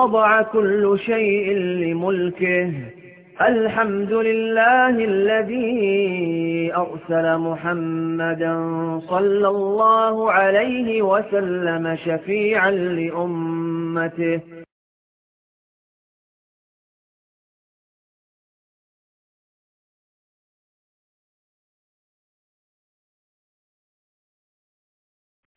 وضع كل شيء لملكه الحمد لله الذي أرسل محمدا صلى الله عليه وسلم شفيعا لأمته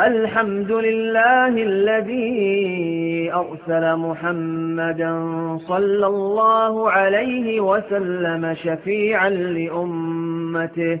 الحمد لله الذي أرسل محمدا صلى الله عليه وسلم شفيعا لأمته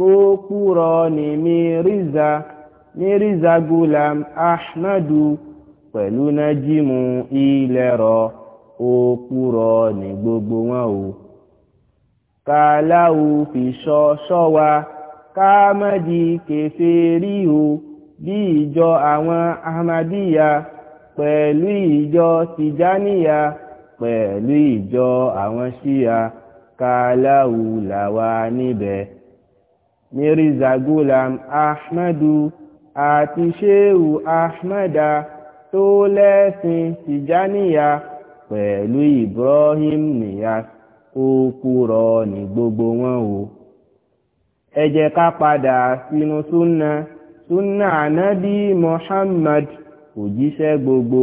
pópúrọ ní Mírízà Mírízà Gulam Ahmadu pẹ̀lú Nájímù Ilẹ̀rọ òpúrọ ní gbogbo wọn o. kàláwù fi sọ sọ́wa káàmọ́dì kẹfẹ́rí o bí ìjọ àwọn Ahmadiyya pẹ̀lú ìjọ Tijaniya pẹ̀lú ìjọ àwọn Ṣíya kàláwù làwa níbẹ̀ mirza Zagulam ahmadu àti sheu ahmada tó lẹ́sìn tìjáníyà pẹ̀lú ibrahim niyas ó kúrọ ní gbogbo wọn o ẹ ká padà sínú súnà súnà ànábì muhammad òjíṣẹ́ gbogbo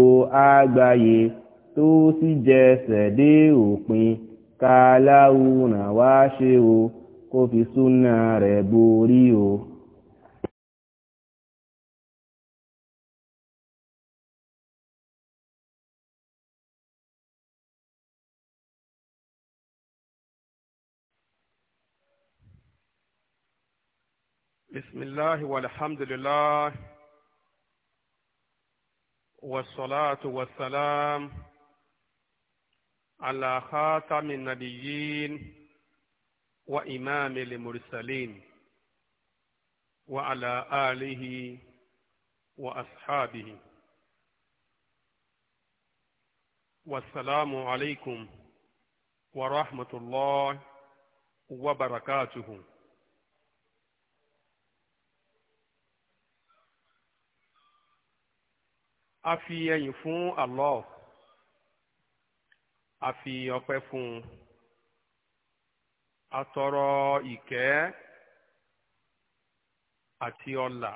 àgbáyé tó sì jẹsẹ̀ dé òpin ká láwùrán wá ṣe o. kó fi súnà rẹ̀ borí o. بسم الله والحمد لله والصلاة والسلام على خاتم النبيين وإمام المرسلين وعلى آله وأصحابه والسلام عليكم ورحمة الله وبركاته أفي fi الله أفي Allah a atọrọ ìkẹ́ ati ọlà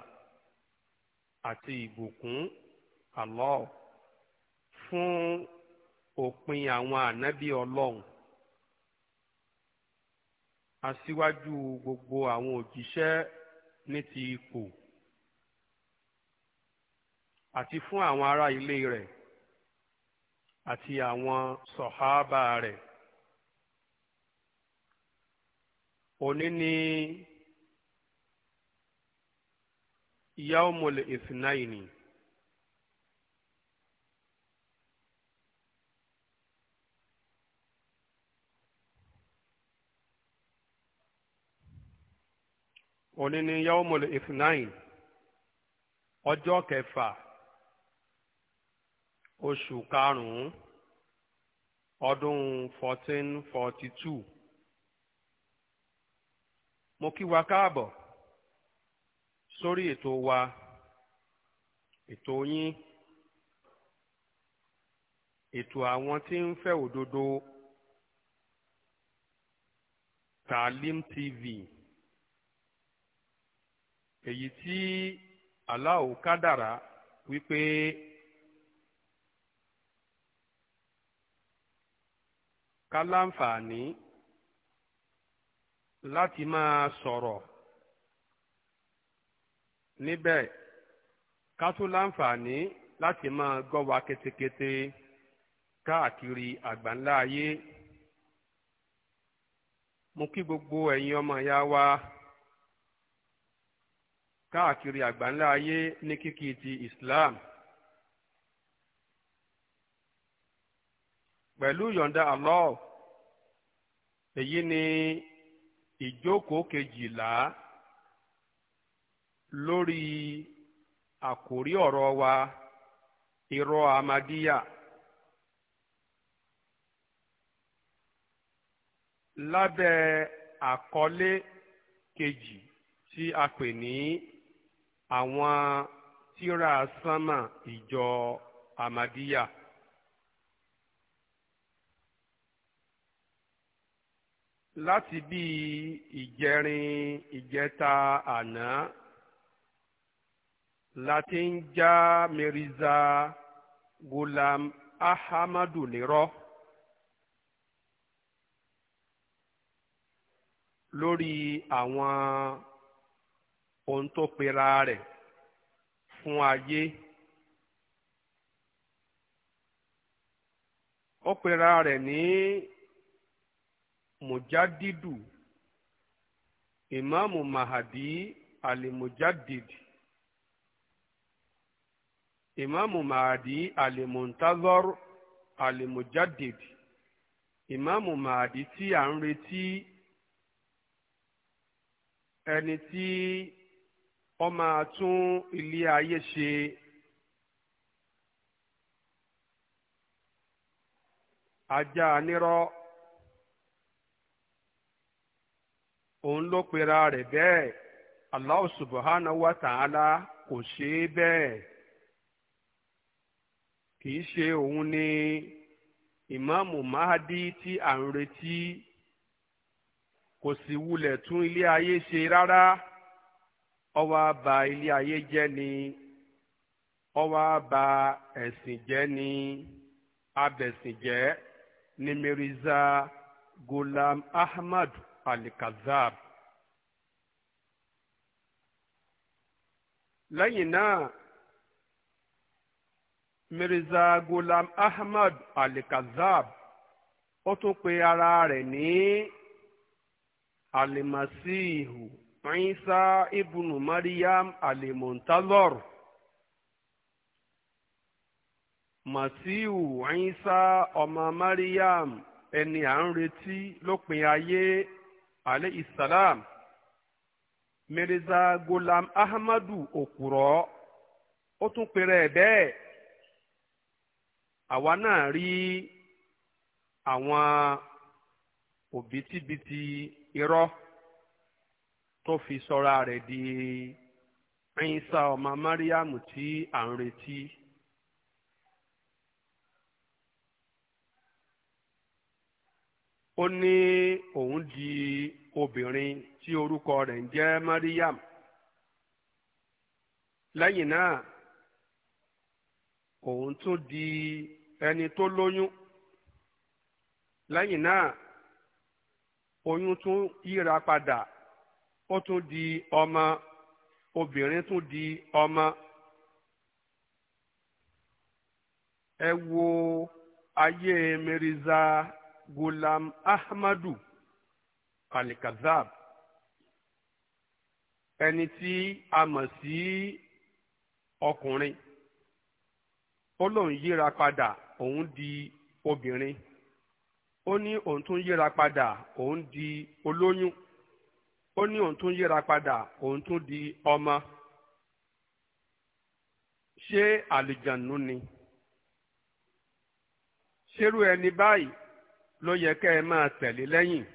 ati ìbùkún Allah fún òpin àwọn ànábì Ọlọ́run aṣíwájú gbogbo àwọn òjíṣẹ́ ní ti ipò àti fún àwọn ará ilé rẹ̀ àti àwọn sọ̀hábà rẹ̀. òní ni yaumul ithnaini òní ni yaumul ithnaini ọjọ́ kẹfà oṣù karùn-ún ọdún fourteen forty two mo kí wa káàbọ̀ sórí ètò wa ètò yín ètò àwọn tí ń fẹ́ òdodo Taalim TV èyí tí aláwo kádàrá wípé ká láti máa sọ̀rọ̀ níbẹ̀ ká tún láǹfààní láti máa gbọ́ wa ketekete káàkiri àgbáńlá ayé mo kí gbogbo ẹ̀yin ọmọ ìyá wa káàkiri àgbáńlá ayé ní kíkí ti Islam pẹ̀lú yọ̀ǹda Allah èyí ni. ìjókòó kejìlá lórí àkórí ọ̀rọ̀ wa irọ́ amadíyà lábẹ́ àkọlé kejì tí a pè ní àwọn tíra sánmà ìjọ amadíyà. láti bí ìjẹrin ìjẹta àná láti ń já Mirza Ghulam Ahmadu nírọ́ lórí àwọn ohun tó pera rẹ̀ fún ayé ó pera rẹ̀ ní mujadidu imamu mahadi alimujadid imamu mahadi alimuntazor alimujadid imamu mahadi tí a ń retí ẹni tí ó máa tún ilé ayé ṣe. ajá nírọ́ òun ló pera rẹ̀ bẹ́ẹ̀ Allah subhanahu wà ta'ala kò ṣe é bẹ́ẹ̀ kì í ṣe òun ni ìmáàmù Mahadi tí à ń retí kò sì wulẹ̀ tún ilé ayé ṣe rárá ó wá ba ilé ayé jẹ́ ni ó wá ba ẹ̀sìn jẹ́ ni abẹ̀sìn jẹ́ ni Mirza Ghulam Ahmad alikazab. lẹ́yìn náà mirza gulam ahmad alikazab ó tún pe ara rẹ̀ ní alimasihu isa ibnu mariam alimuntazor masihu isa ọmọ mariam ẹni à ń retí lópin ayé. alayhi salam ahmadu òkùrọ ó tún pèrè ẹ awa obitibiti náà rí àwọn òbítíbitì irọ́ tó di ọmọ mariam ó ní òun di obìnrin tí orúkọ rẹ̀ ń jẹ́ Mariam lẹ́yìn náà òun tún di ẹni tó lóyún lẹ́yìn náà oyún tún yíra padà ó tún di ọmọ obìnrin tún di ọmọ ẹ wo ayé Mirza gulam ahmadu alikazab ẹni tí a mọ̀ sí ọkùnrin ó lóun yíra padà òun di obìnrin ó ní òun tún yíra padà òun di olóyún ó ní òun tún yíra padà òun tún di ọmọ ṣé àlùjànnú ni ṣerú ẹni báyìí ló yẹ kẹ́ ẹ máa tẹ̀lé lẹ́yìn.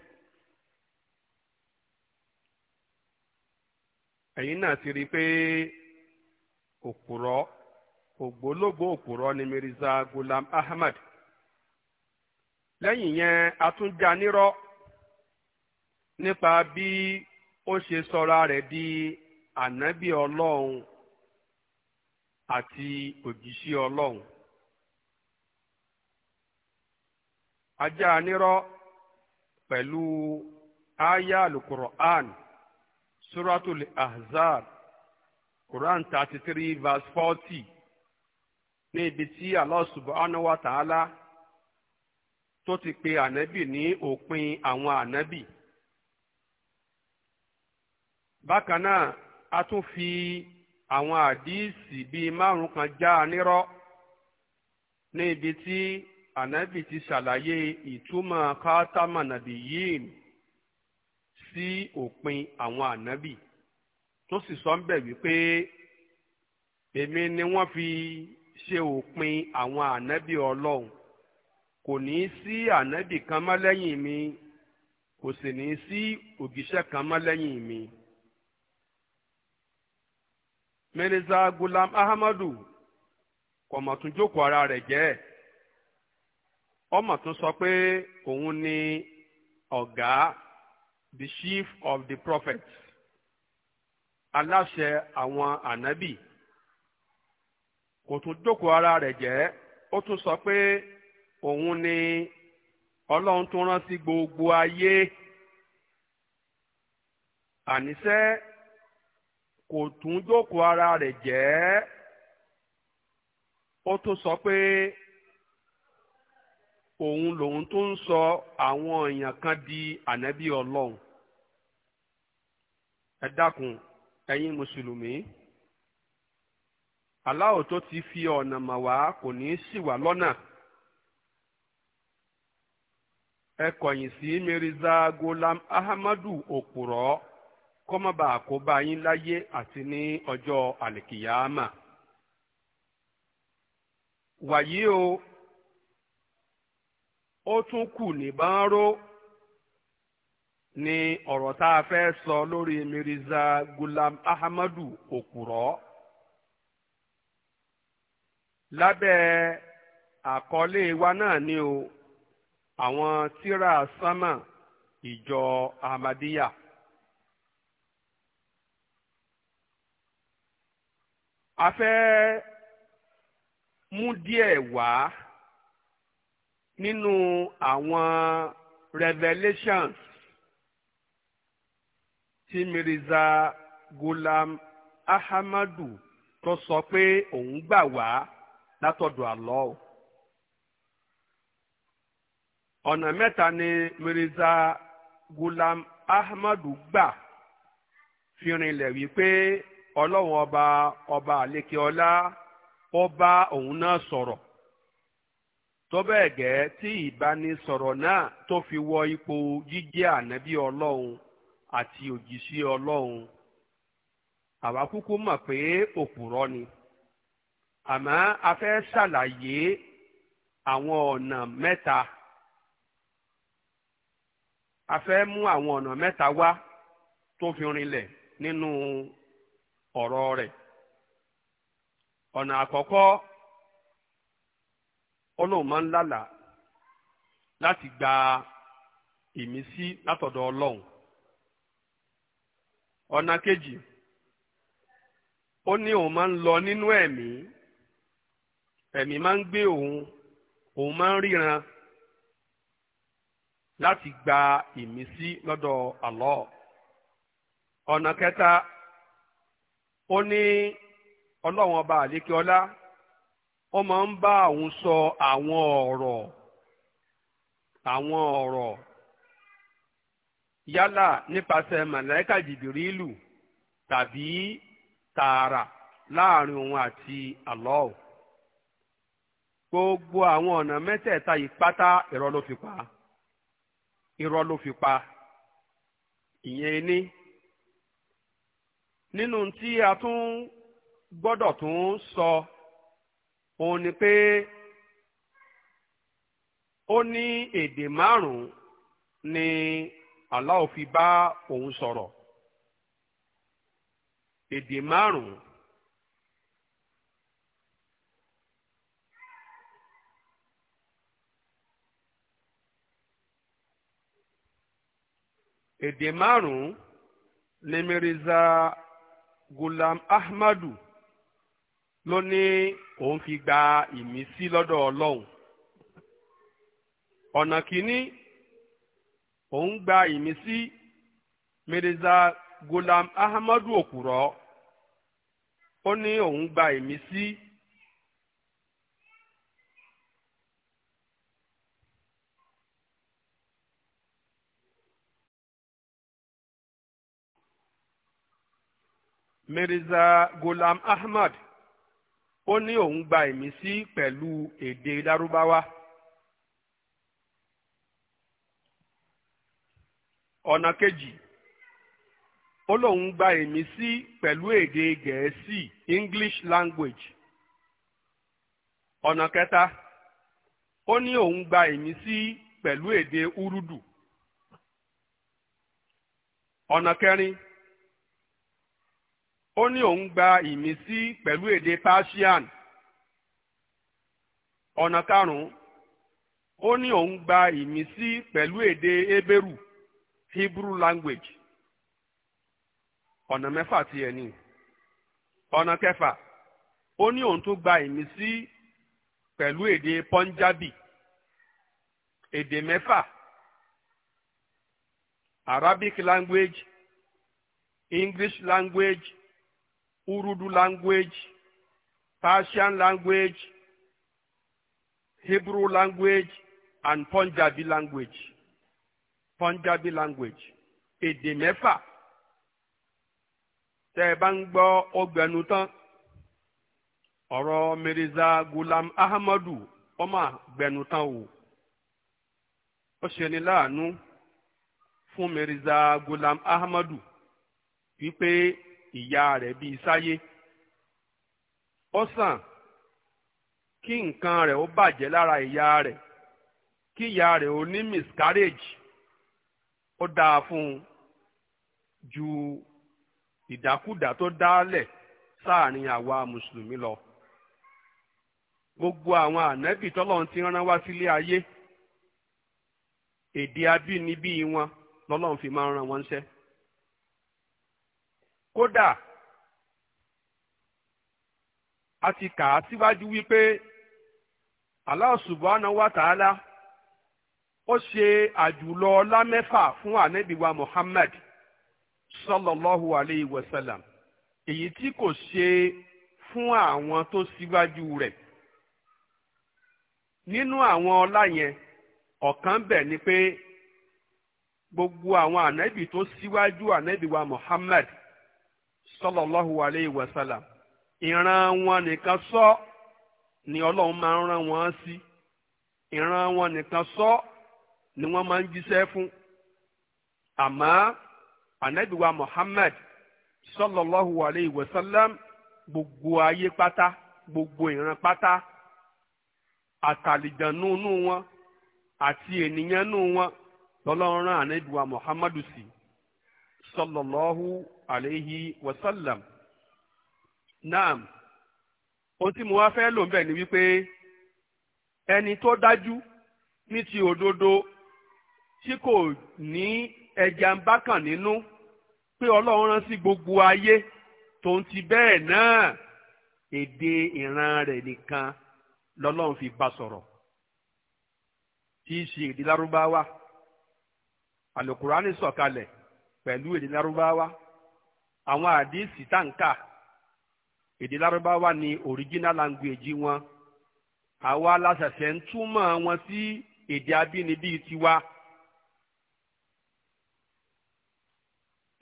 ẹ̀yin náà ti rí i pé òpùrọ́ ògbólógbò òpùrọ́ ni Mirza Ghulam Ahmad lẹ́yìn yẹn a tún já nírọ́ nípa bí ó ṣe sọra rẹ̀ di ànábì ọlọ́run àti òjíṣẹ́ ọlọ́run. ajá nírọ́ pẹ̀lú aya alukur'an surat ahzab quran thirty three verse forty ní ibi tí alọ́sùbọ̀ subhanahu wa ta'ala tó ti pe ànábì ní òpin àwọn ànábì bákan náà a tún fi àwọn àdíìsì bíi márùn kan já a ní ibi tí ànábì ti ṣàlàyé ìtumọ̀ káátámà nàbì yìí sí òpin àwọn ànábì tó sì sọ ń bẹ̀ wípé èmi ni wọ́n fi ṣe òpin àwọn ànábì ọlọ́run kò ní sí ànábì kan mọ́ lẹ́yìn mi kò sì ní sí ògìṣẹ́ kan mọ́ lẹ́yìn mi. Mirza Gulam Ahmadu kọ̀mọ̀tún jókòó ara rẹ̀ jẹ́ ẹ̀. ọmọ tún sọ pé òun ni ọ̀gá the chief of the prophet aláṣẹ àwọn ànábì kò tún jókòó ara rẹ̀ jẹ́ ó tún sọ pé òun ni ọlọ́run tún rántí gbogbo ayé àníṣẹ́ kò tún jókòó ara rẹ̀ jẹ́ ó tún sọ pé òun lòun tó ń sọ àwọn èèyàn kan di ànábì ọlọ́run ẹ dákun ẹ̀yin mùsùlùmí aláwọ̀ tó ti fi ọ̀nà mà wá kò ní í ṣì wá lọ́nà ẹ kọ̀yìn sí mirza golam ahmadu òpùrọ́ kọ́mọba àkóbá yín láyé àti ní ọjọ́ àlìkìyàmà wàyí o. ó tún kù níbàárò ni ọ̀rọ̀ tá a fẹ́ sọ lórí Mirza Gulam Ahmadu òkùrọ́ lábẹ́ àkọlé wa náà ni o àwọn tíra sánmà ìjọ Ahmadiyya. a fẹ́ mú díẹ̀ wá. nínú àwọn revelations tí Mirza Ghulam Ahmadu tó sọ pé òun gbà wá látọ̀dọ̀ Allah ọ̀nà mẹ́ta ni Mirza Ghulam Ahmadu gbà fi rinlẹ̀ wípé ọlọ́run ọba ọba àlekè ọlá ọba òun náà sọ̀rọ̀ tó bẹ́ẹ̀ gẹ́ tí ìbánisọ̀rọ̀ náà tó fi wọ ipò jíjẹ́ ànábì ọlọ́run àti òjíṣẹ́ ọlọ́run àwa kúkú mọ̀ pé òpùrọ́ ni àmọ́ a fẹ́ ṣàlàyé àwọn ọ̀nà mẹ́ta a fẹ́ mú àwọn ọ̀nà mẹ́ta wá tó fi rinlẹ̀ nínú ọ̀rọ̀ rẹ̀ ọ̀nà àkọ́kọ́ Ọlọ́run lóun ń lálàá láti gba ìmísí látọ̀dọ̀ ọlọ́run ọ̀nà kejì ó ní òun máa ń lọ nínú ẹ̀mí ẹ̀mí máa ń gbé òun òun máa ń ríran láti gba ìmísí lọ́dọ̀ àlọ́ ọ̀nà kẹta ó ní ọlọ́run ọba àlékè ó máa ń bá òun sọ àwọn ọ̀rọ̀ àwọn ọ̀rọ̀ yálà nípasẹ̀ màláíkà jìbìrìlù tàbí tààrà láàrin òun àti Allah gbogbo àwọn ọ̀nà mẹ́tẹ̀ẹ̀ta yìí pátá irọ́ ló fi pa irọ́ ló fi pa ìyẹn ní nínú tí a tún gbọ́dọ̀ tún sọ. So, òun ni pé ó ní èdè márùn-ún ni Allah fi bá òun sọ̀rọ̀ èdè márùn-ún èdè márùn-ún ni Mirza Gulam Ahmadu ló ní òun fi gba ìmísí lọ́dọ̀ ọlọ́run ọ̀nà kìíní òun gba ìmísí mirza gulam ahmadu òkùrọ̀ ó ní òun gba ìmísí. Mirza Gulam Ahmad ó ní òun gba ìmísí pẹ̀lú èdè lárúbáwá. ọ̀nà kejì ó lóun gba ìmísí pẹ̀lú èdè gẹ̀ẹ́sì English language. ọ̀nà kẹta ó ní òun gba ìmísí pẹ̀lú èdè Urdu. ọ̀nà kẹrin ó ní òun gba ìmísí pẹ̀lú èdè Persian ọ̀nà karùn-ún ó ní òun gba ìmísí pẹ̀lú èdè Ebéru Hebrew language ọ̀nà mẹ́fà ti ẹ̀ ní ọ̀nà kẹfà ó ní òun tún gba ìmísí pẹ̀lú èdè Punjabi èdè mẹ́fà Arabic language English language Urdu language, Persian language, Hebrew language, and Punjabi language. Punjabi language. Èdè mẹ́fà. Tẹ́ ẹ bá ń gbọ́ ọgbẹ̀nu tán. Ọ̀rọ̀ Mirza Gulam Ahmadu ọmọ àgbẹ̀nu tán o. Ó ṣe ni láàánú fún Mirza Gulam Ahmadu wípé ìyá rẹ̀ bíi sáyé ọ sàn kí nǹkan rẹ̀ ó bàjẹ́ lára ìyá rẹ̀ kí ìyá rẹ̀ ó ní miscarriage ó dáa fún un ju ìdákúdá tó dálẹ̀ sáàrin àwa mùsùlùmí lọ gbogbo àwọn ànábì tọ́lọ́run ti rán wá sílé ayé èdè abínibí wọn lọ́lọ́run fi máa ń rán wọn ṣẹ́. kódà a ti kà á síwájú wípé Allah subhanahu wa ta'ala ó ṣe àjùlọ ọlá fún ànábìwa Muhammad sallallahu alayhi wa sallam èyí tí kò ṣe fún àwọn tó síwájú rẹ̀ nínú àwọn ọlá yẹn ọ̀kan bẹ̀ ni pé gbogbo àwọn ànábì tó síwájú ànábìwa Muhammad sallallahu alayhi wa sallam ìran wọn nìkan sọ ni ọlọ́run máa ń rán wọn sí ìran wọn nìkan sọ ni wọ́n máa ń jíṣẹ́ fún àmọ́ anabiwa Muhammad sallallahu alayhi wa gbogbo ayé pátá gbogbo ìran pátá àtàlìjànú nù wọn àti ènìyàn nù wọn lọ́lọ́run rán anabiwa Muhammadu sí sallallahu. alayhi wa sallam naam ohun tí mo wá fẹ́ lò ń bẹ̀ ni wípé ẹni tó dájú ní ti òdodo tí kò ní ẹja ń bákàn nínú pé ọlọ́run rán sí gbogbo ayé tó ń ti bẹ́ẹ̀ náà èdè ìran rẹ̀ nìkan lọ́lọ́run fi bá sọ̀rọ̀ tí í ṣe èdè lárúbáwá àlùkùránì sọ̀kalẹ̀ pẹ̀lú èdè lárúbáwá àwọn àdìsí táǹkà èdè lárúbáwá ni original language wọn àwa aláṣẹṣẹ ń túmọ̀ wọn sí èdè abínibí tiwa.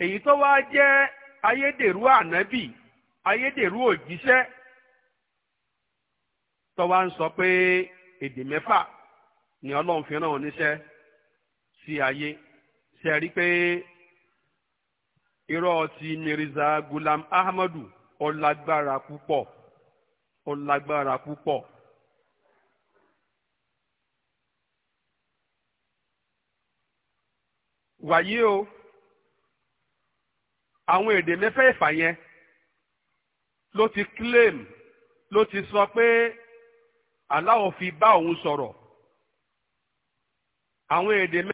èyí tó wá jẹ́ ayédèrú ànábì ayédèrú òjíṣẹ́ tó wá ń sọ pé èdè mẹ́fà ni ọlọ́run fi rán oníṣẹ́ sí ayé ṣe rí pé irọ́ ti mirza gulam ahmadu ọlágbára púpọ̀ ọlágbára púpọ̀. wàyí o àwọn èdè mẹ́fẹ̀ẹ̀fà yẹn ló ti claim ló ti sọ pé Allah fi bá òun sọ̀rọ̀ àwọn èdè mẹ́fẹ̀ẹ̀fà.